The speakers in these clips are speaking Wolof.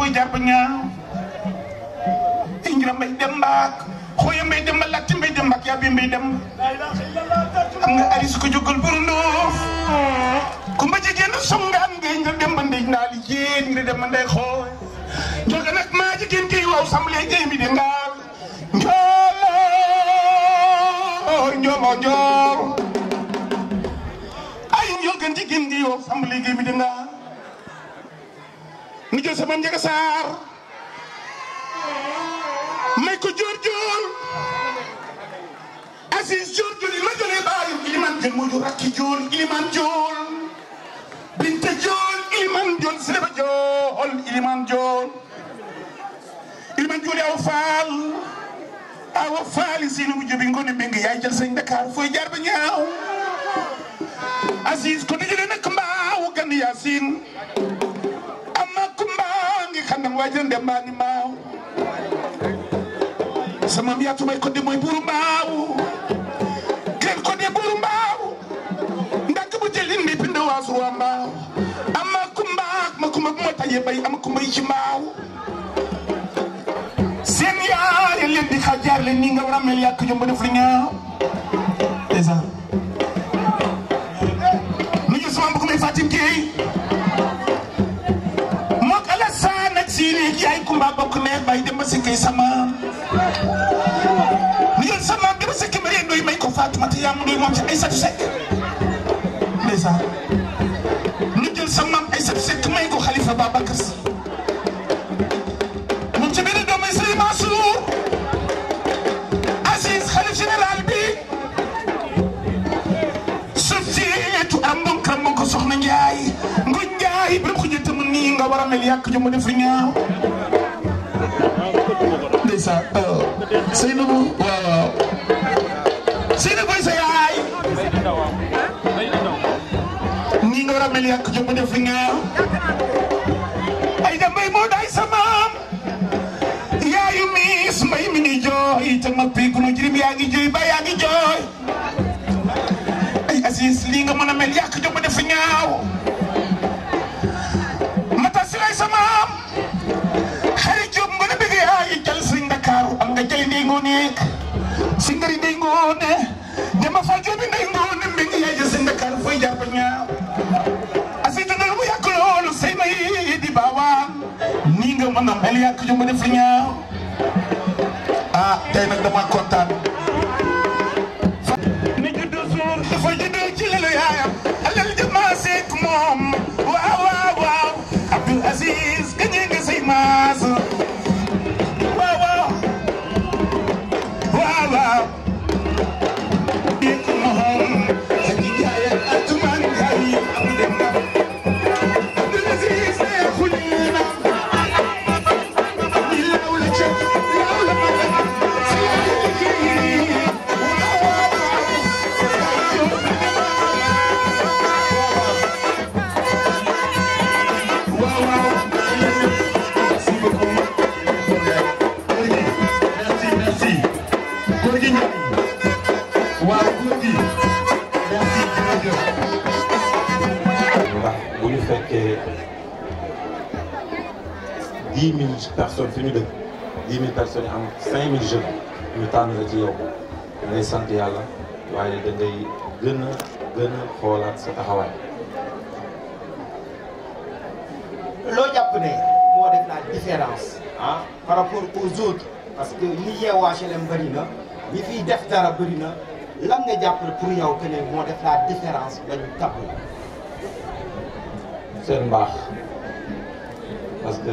fo jàpp ñaaw injira mbay dem mbaak xooya mbay dem ba latti mbay dem mbaak yàbbi mbay dem am nga ari suko jógal burunduuf ku mba jigéen songaan ngay nga dem ba ndey naa li jéen nga dem ba ndey nag maa jigéen kay waaw samlee jey de ngaal njooloo njoomoo njoor ay njogan jigéen kay mu jël sama njaga saar may ko joor joor Aziz joor joor yi ma jolee baayu iliman joor moo jur rakki joor iliman joor binte joor iliman joor seleba joor iliman joor iliman joor aw faal awa faali siinu bu jobi ngone mbeng yaay jël sëñ Dakar fooy jaar ba ñaaw Aziz ko dijële nak mbaaw gan Yaasin min wajirde mbani maw sama mbiya tumay kodde moye ɓuuru mbawu ken kodde ɓuuru mbawu dakkabu jellinmi pinde wasrowa mbaw amma kumba ma kumba mo taye ɓay ama kumba yicci mbaw sen yaare leddi ha ni gawramel bokk neen bay dem ba sikki sama niyal sama dem ba sikki Mariam Ndoye may ko Fatoumata Yam Ndoye moom ci Aïssatou Seck ndeysaan ñu jël sa maam Aïssatou Seck may ko Khalifa Babacar Sy moom ci benn doom ay Sëriñ Mansour Aziz xalif général bi suuf si yeetu am bunkam ko soxna Njaay ngu Njaay bépp xujjata mu nii nga war a mel yàq jom def lu ñaaw ndeysaan Seynabou waaw waaw Seynabou sa yaay nii nga war a mel yàq jom def li nga ay da mbay moo day sa maam yaayu miis mbay mi ngi jooy te ma pii ku nu jirim yaa ngi jooy ba yaa ngi jooy ay Aziz lii nga mën a mel yàq singari dey ngoonde ndema fa joomi dey ngoonde mbegiyeje sinde kar foye jarba ñaaw asitanal mu yakk loolu seyma yiidi baawaan ni nga mën a mel yàkk ju ma def ñaaw ah tey nag dama kontaan dix mille personnes yi am cinq ñu tànn la ci yow da sant yàlla waaye da ngay gën xoolaat sa taxawaay. loo jàpp ne moo def la différence ah, par rapport aux autres parce que ñi yeewoo HLM bëri na ñi fi def dara bëri na lan nga jàppale pour yow que ne moo def la différence dañu tabb la. seen parce que.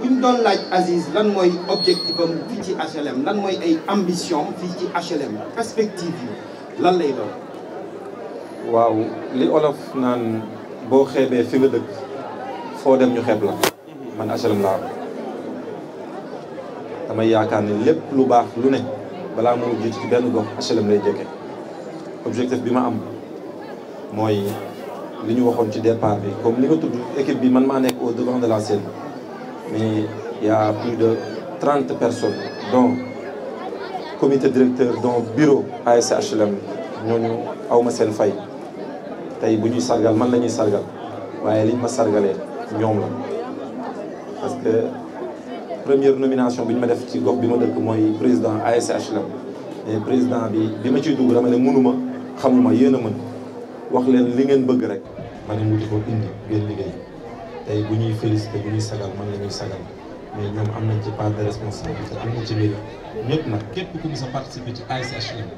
bu doon laaj Aziz lan mooy objectif am fii ci HLM lan mooy ay ambition fii ci HLM perspective yi lan lay doon. waaw li olof naan boo xeebee fi nga dëkk foo dem ñu xeeb la man HLM laa damay yaakaar ne lépp lu baax lu ne balaa moo jiitu ci benn gox HLM lay jege objectif bi ma am mooy li ñu waxoon ci départ bi comme li nga tudd équipe bi man maa nekk au devant de la scène. mais il y plus de trente personnes, don comité directeur, dont bureau ASHLM, ñooñu awma seen fay tey bu ñuy sargal man la ñuy sargal waaye liñ ma sargalee ñoom la parce que première nomination bi ñu ma def ci gox bi ma dëkk mooy président ASHLM mais président bi bi ma ciy dugg dama ne mënuma xamuma yéen a mën wax leen li ngeen bëgg rek ma ne mu di ko indi liggéey tey bu ñuy félicité bu ñuy sagal man la ñuy sagal mais ñoom am nañ ci part de responsabilité am na ci biir ñëpp nag képp ku ci ASHM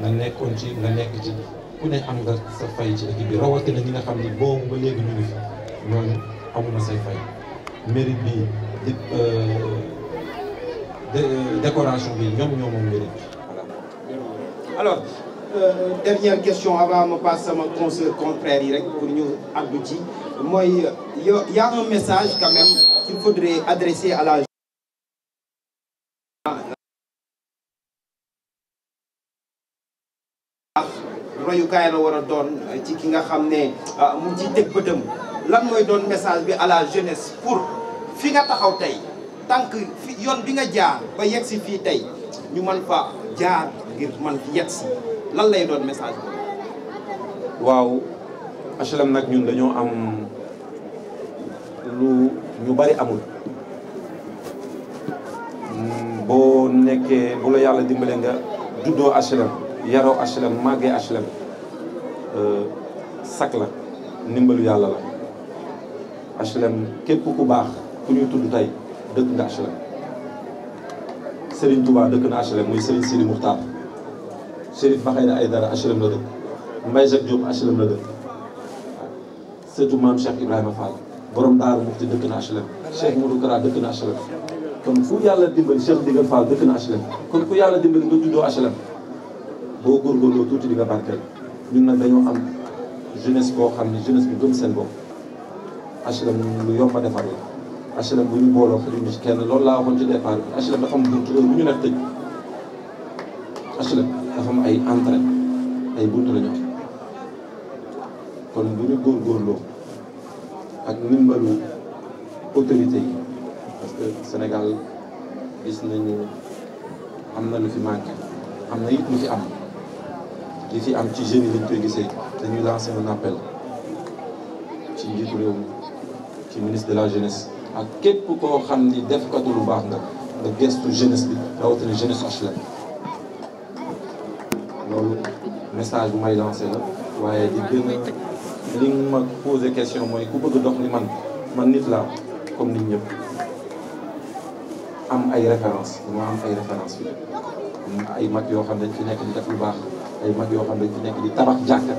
nga nekkoon ci nga nekk ci ku ne am nga sa fay ci équipe bi rawatina ñi nga xam ni boobu ba léegi ñu ngi fi ñooñu amu na say fay mérite bi di euh, euh, décoration bi ñoom ñoo moom mérite alors euh, dernière question avant ma passe sama conseil contraire yi rek pour ñu àddu ci moi, il euh, y, message quand même qu'il faudrait adresser à la royukaay war a doon euh, ci ki nga xam ne euh, mu ji teg bëtam lan mooy doon message bi à la jeunesse pour fi nga taxaw tey tànk fi yoon bi nga jaar ba yegg si fii tey ñu man fa jaar ngir man yegg si lan lay doon message bi waaw HLM nag ñun dañoo am ñu bari amul hmm, boo nekkee bu la yàlla dimbale nga juddoo HLM yaroo HLM màggee HLM euh, sak la ndimbalu yàlla la HLM képp ku baax ku ñuy tudd tey dëkk nga HLM Serigne Touba dëkk na HLM muy Serigne Sidi Moukhtar Chérif Bakhayda Aïdara HLM la dëkk Mbaye Jacques Diop HLM la dëkk surtout maam Cheikh Ibrahima Fall borom daaru Muxti dëkk na HLM Cheikh Modou Kara dëkk na HLM kon fu yàlla dimbali Cheikh Ndigal Fall dëkk na HLM kon fu yàlla dimbali nga juddoo HLM boo góorgóorloo tuuti di nga barkeel ñun nag dañoo am jeunesse boo xam ne jeunesse bi gëm seen bopp HLM lu yomb defar la HLM bu ñu booloo xëjuñu ci kenn loolu laa waxoon ci départ bi HLM dafa am buntu bu ñu nekk tëj ay entrée ay buntu la ñu am kon bu ak ndimbalu autorité yi parce que Sénégal gis nañu am na lu fi manqué am na it lu fi am li fi am ci jeunes yi lañ gisee dañuy lancer un appel ci njiitu réew ci ministre de la jeunesse ak képp koo xam ni defkatu lu baax na nga gestu jeunesse bi rawatina jeunesse HLM loolu message bu may lancé la waaye di gën li nga ma posé question mooy ku bëgg dox ni man man nit laa comme nit ñëpp am ay référence dama am ay référence fi ay mag yoo xam dañ fi nekk di def lu baax ay mag yoo xam dañ fi nekk di tabax jàkka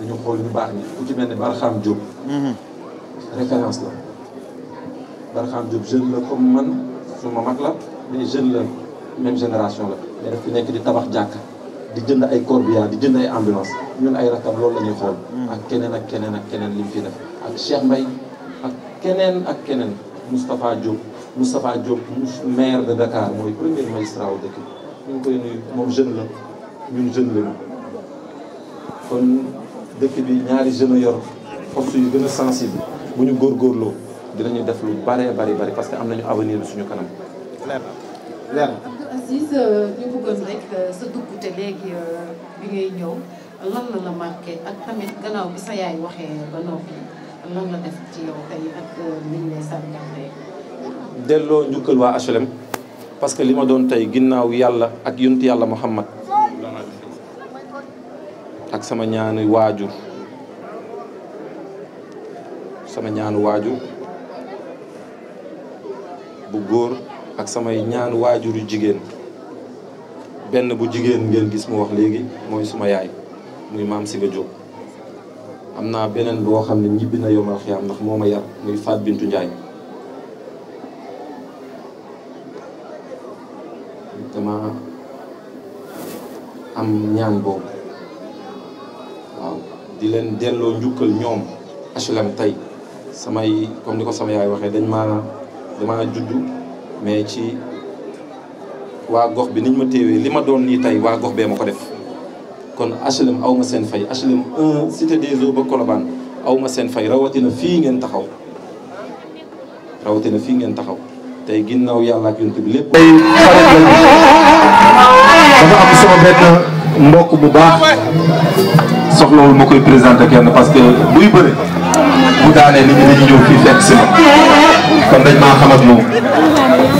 dañu xool ñu baax ñi ku ci mel ne Barxam Diop mhm. référence la Barxam Diop jeune la comme man suma mag la mais jeune la même génération la mais daf fi nekk di tabax jàkka di jënd ay corbillard di jënd ay ambulance ñun ay rakam loolu la ñuy xool hmm. ak keneen ak keneen ak keneen li mu fi def ak Cheikh mbay ak keneen ak keneen Moustapha Diop Moustapha Diop maire de Dakar mooy premier magistrat wu dëkk ñu moom jeune la ñun jeune lañu kon dëkk bi ñaari jeunes yor force yu gën a sensible bu ñu góorgóorloo dinañu def lu bare bari bari parce que am nañu avenir bi suñu kanam leer na bëggoon rek delloo njukkal waa HLM parce que li ma doon tey ginnaaw yàlla ak yunt yàlla Muhammad ak sama ñaanu waajur sama ñaanu waajur bu góor ak samay ñaanu waajur yu jigéen. benn bu jigéen ngeen gis mu wax léegi mooy suma yaay muy maam Siga Diop am naa beneen boo xam ne ñibbi na yomal xiyaam ndax moo ma yar muy Faat Bintu Njaay dama am ñaan boobu waaw di leen delloo njukkal ñoom HLM tey samay comme ni ko sama yaay waxee dañ maa dama judd mais ci waa gox bi niñ ma téewee li ma doon nii tey waa gox bee ma ko def kon HLM aw ma seen fay HLM 1 cité des eaux ba Colobane aw ma seen fay rawatina fii ngeen taxaw rawatina fii ngeen taxaw tey ginnaaw yàlla ak yonent bi lépp. bu baax soxlawul ma koy présenté kenn parce buy bëre bu daanee nit ñi dañuy ñëw fii fekk maa xam ak moom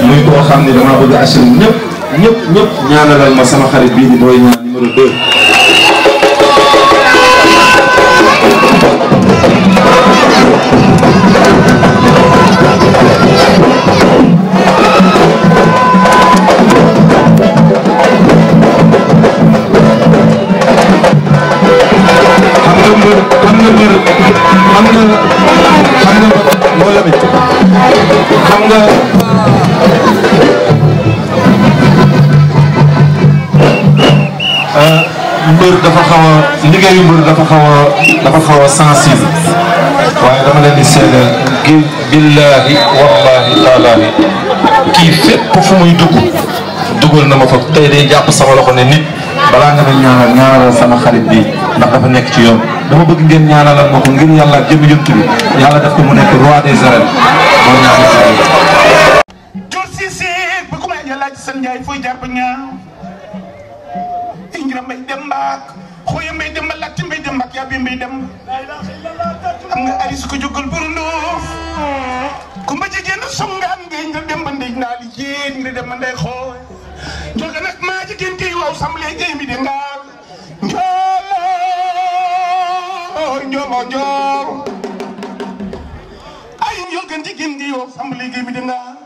muy koo ñëpp ñëpp ñaanalal ma sama xarit bii di Boy Niang numéro 2. xam nga xam nga xam nga mbër dafa xaw a liggéeyu mbër dafa xaw a dafa xaw a dama leen di seedeel gi billaahi wallaahi taalaahi kii fépp fu muy dugg dugal na ma fa tey day jàpp sama loxo ne nit balaa nga may ñaanal ñaanalal sama xarit bi ndax dafa nekk ci yoon dama bëgg ngeen ñaanalal ma ko ngir yàlla jëmi jëmt bi nekk roi des arènes moo ñaanal jor si si ba jingira mbay dem mbaak xooya mbay dem ba latti mbay dem mbaak yàbbi mbay dem am nga aris ko jógal burunduuf kumba jigéen songaan ngay nga dem ba ndey naa li jéen nga dem ba ndey xooy joge nag maa jigéen tey waaw sam lee jéem mi de ngaal njooloo njoomoo njoor ay njogan jigéen tey waaw sam lee jéem mi de ngaal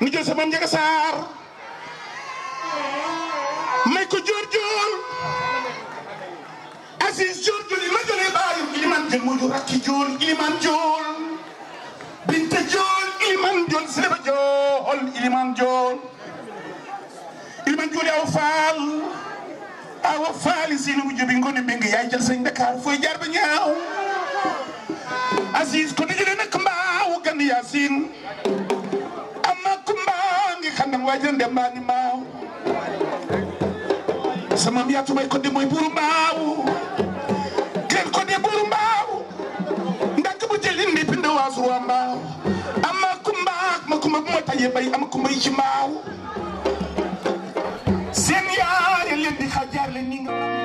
mi jël sama njaga saar ko jorjol asis jorjol ima jole ɓaayum iliman jol moƴo rakki jol iliman jol binte jol iliman jol sineba jol iliman jol iliman joli aw faal awa faali sinomu joɓi goni mbinga yay jal sañ dakar foye jarɓe ñaaw asis ko dijile nak mbaawo gandi yasin amma ko mbaangi kamɗen wajiren nde mbaani maaw sama maam Yaatu Mbay Kodde mooy buuru mbaawu gën Kodde buuru mbaawu ndànk bu jël indi pind waasu waa mbaaw ama ma kumba ma tayee bay ama kumba yi ci mbaaw seen yaar leen di xajaar leen ni